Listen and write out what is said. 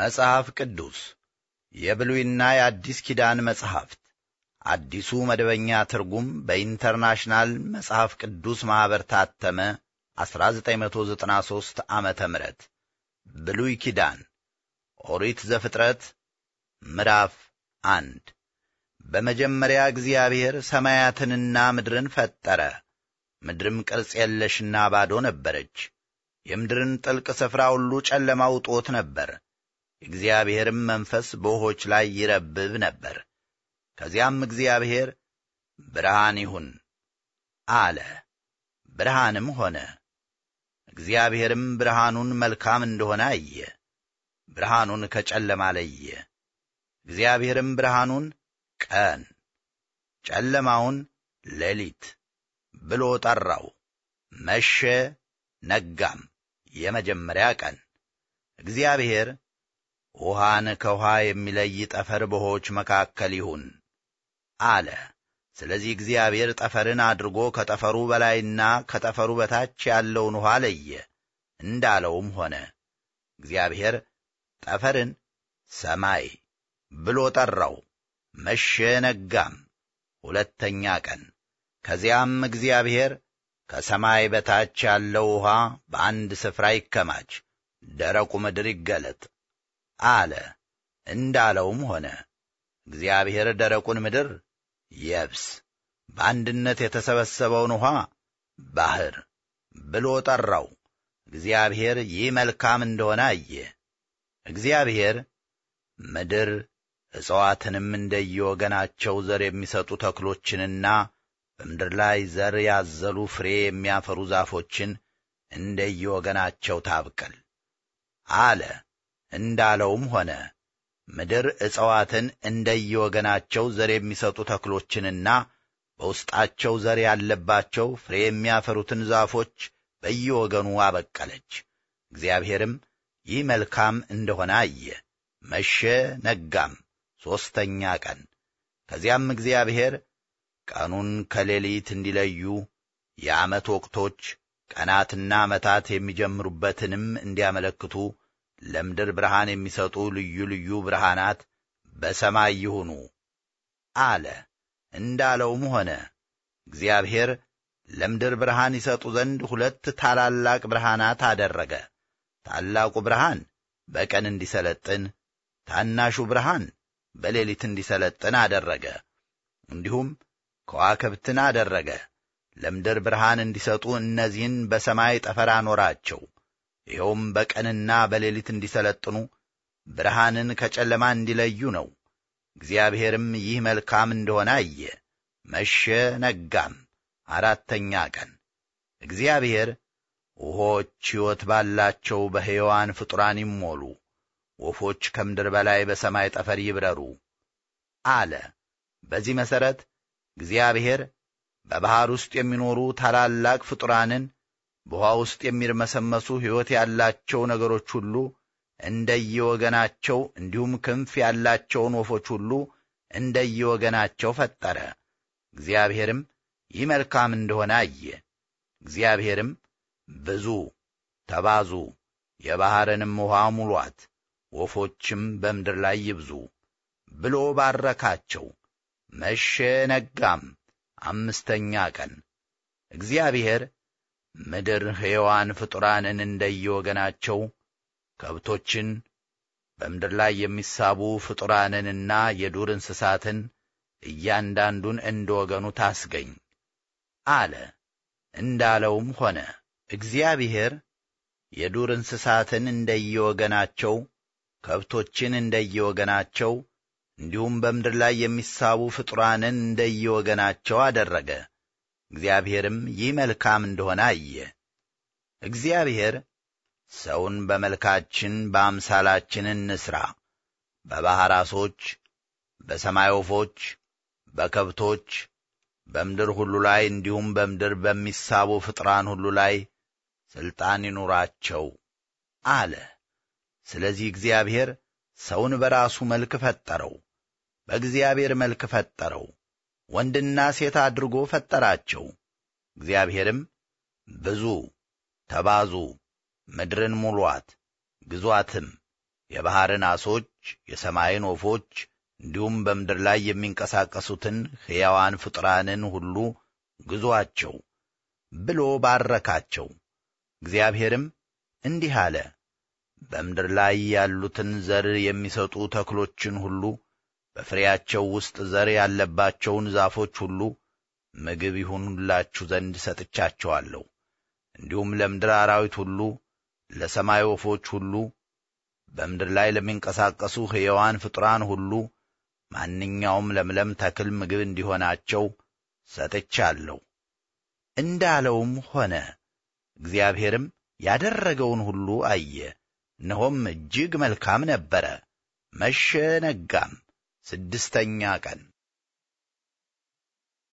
መጽሐፍ ቅዱስ የብሉይና የአዲስ ኪዳን መጽሐፍት አዲሱ መደበኛ ትርጉም በኢንተርናሽናል መጽሐፍ ቅዱስ ማኅበር ታተመ 1993 ዓ ም ብሉይ ኪዳን ኦሪት ዘፍጥረት ምዕራፍ አንድ በመጀመሪያ እግዚአብሔር ሰማያትንና ምድርን ፈጠረ። ምድርም ቅርጽ የለሽና ባዶ ነበረች። የምድርን ጥልቅ ስፍራ ሁሉ ጨለማ ውጦት ነበር። የእግዚአብሔርም መንፈስ በውሆች ላይ ይረብብ ነበር ከዚያም እግዚአብሔር ብርሃን ይሁን አለ ብርሃንም ሆነ እግዚአብሔርም ብርሃኑን መልካም እንደሆነ አየ ብርሃኑን ከጨለማ ለየ እግዚአብሔርም ብርሃኑን ቀን ጨለማውን ሌሊት ብሎ ጠራው መሸ ነጋም የመጀመሪያ ቀን እግዚአብሔር ውሃን ከውሃ የሚለይ ጠፈር በውኆች መካከል ይሁን አለ። ስለዚህ እግዚአብሔር ጠፈርን አድርጎ ከጠፈሩ በላይና ከጠፈሩ በታች ያለውን ውሃ ለየ፣ እንዳለውም ሆነ። እግዚአብሔር ጠፈርን ሰማይ ብሎ ጠራው። መሸ ነጋም፣ ሁለተኛ ቀን። ከዚያም እግዚአብሔር ከሰማይ በታች ያለው ውሃ በአንድ ስፍራ ይከማች፣ ደረቁ ምድር ይገለጥ አለ። እንዳለውም ሆነ። እግዚአብሔር ደረቁን ምድር የብስ፣ በአንድነት የተሰበሰበውን ውኃ ባሕር ብሎ ጠራው። እግዚአብሔር ይህ መልካም እንደሆነ አየ። እግዚአብሔር ምድር ዕፅዋትንም እንደየወገናቸው ዘር የሚሰጡ ተክሎችንና በምድር ላይ ዘር ያዘሉ ፍሬ የሚያፈሩ ዛፎችን እንደየወገናቸው ታብቅል አለ። እንዳለውም ሆነ። ምድር ዕፅዋትን እንደየወገናቸው ዘር የሚሰጡ ተክሎችንና በውስጣቸው ዘር ያለባቸው ፍሬ የሚያፈሩትን ዛፎች በየወገኑ አበቀለች። እግዚአብሔርም ይህ መልካም እንደሆነ አየ። መሸ፣ ነጋም፣ ሦስተኛ ቀን። ከዚያም እግዚአብሔር ቀኑን ከሌሊት እንዲለዩ የዓመት ወቅቶች ቀናትና ዓመታት የሚጀምሩበትንም እንዲያመለክቱ ለምድር ብርሃን የሚሰጡ ልዩ ልዩ ብርሃናት በሰማይ ይሁኑ አለ። እንዳለውም ሆነ። እግዚአብሔር ለምድር ብርሃን ይሰጡ ዘንድ ሁለት ታላላቅ ብርሃናት አደረገ። ታላቁ ብርሃን በቀን እንዲሰለጥን፣ ታናሹ ብርሃን በሌሊት እንዲሰለጥን አደረገ። እንዲሁም ከዋክብትን አደረገ። ለምድር ብርሃን እንዲሰጡ እነዚህን በሰማይ ጠፈር አኖራቸው። ይኸውም በቀንና በሌሊት እንዲሰለጥኑ ብርሃንን ከጨለማ እንዲለዩ ነው። እግዚአብሔርም ይህ መልካም እንደሆነ አየ። መሸ፣ ነጋም። አራተኛ ቀን እግዚአብሔር ውኾች ሕይወት ባላቸው በሕያዋን ፍጡራን ይሞሉ፣ ወፎች ከምድር በላይ በሰማይ ጠፈር ይብረሩ አለ። በዚህ መሠረት እግዚአብሔር በባሕር ውስጥ የሚኖሩ ታላላቅ ፍጡራንን በውሃ ውስጥ የሚርመሰመሱ ሕይወት ያላቸው ነገሮች ሁሉ እንደየወገናቸው እንዲሁም ክንፍ ያላቸውን ወፎች ሁሉ እንደየወገናቸው ፈጠረ። እግዚአብሔርም ይህ መልካም እንደሆነ አየ። እግዚአብሔርም ብዙ ተባዙ፣ የባሕርንም ውኃ ሙሏት፣ ወፎችም በምድር ላይ ይብዙ ብሎ ባረካቸው። መሸ፣ ነጋም። አምስተኛ ቀን እግዚአብሔር ምድር ሕያዋን ፍጡራንን እንደየወገናቸው ከብቶችን፣ በምድር ላይ የሚሳቡ ፍጡራንንና የዱር እንስሳትን እያንዳንዱን እንደ ወገኑ ታስገኝ አለ። እንዳለውም ሆነ። እግዚአብሔር የዱር እንስሳትን እንደየወገናቸው፣ ከብቶችን እንደየወገናቸው፣ እንዲሁም በምድር ላይ የሚሳቡ ፍጡራንን እንደየወገናቸው አደረገ። እግዚአብሔርም ይህ መልካም እንደሆነ አየ። እግዚአብሔር ሰውን በመልካችን በአምሳላችን እንስራ፣ በባሕር ዓሦች፣ በሰማይ ወፎች፣ በከብቶች፣ በምድር ሁሉ ላይ እንዲሁም በምድር በሚሳቡ ፍጥራን ሁሉ ላይ ሥልጣን ይኑራቸው አለ። ስለዚህ እግዚአብሔር ሰውን በራሱ መልክ ፈጠረው፣ በእግዚአብሔር መልክ ፈጠረው። ወንድና ሴት አድርጎ ፈጠራቸው። እግዚአብሔርም ብዙ ተባዙ፣ ምድርን ሙሏት፣ ግዟትም፣ የባሕርን አሶች፣ የሰማይን ወፎች እንዲሁም በምድር ላይ የሚንቀሳቀሱትን ሕያዋን ፍጥራንን ሁሉ ግዟቸው ብሎ ባረካቸው። እግዚአብሔርም እንዲህ አለ፣ በምድር ላይ ያሉትን ዘር የሚሰጡ ተክሎችን ሁሉ በፍሬያቸው ውስጥ ዘር ያለባቸውን ዛፎች ሁሉ ምግብ ይሁኑላችሁ ዘንድ ሰጥቻቸዋለሁ። እንዲሁም ለምድር አራዊት ሁሉ፣ ለሰማይ ወፎች ሁሉ፣ በምድር ላይ ለሚንቀሳቀሱ ሕያዋን ፍጡራን ሁሉ ማንኛውም ለምለም ተክል ምግብ እንዲሆናቸው ሰጥቻለሁ እንዳለውም ሆነ። እግዚአብሔርም ያደረገውን ሁሉ አየ፣ እነሆም እጅግ መልካም ነበረ። መሸ፣ ነጋም። ስድስተኛ ቀን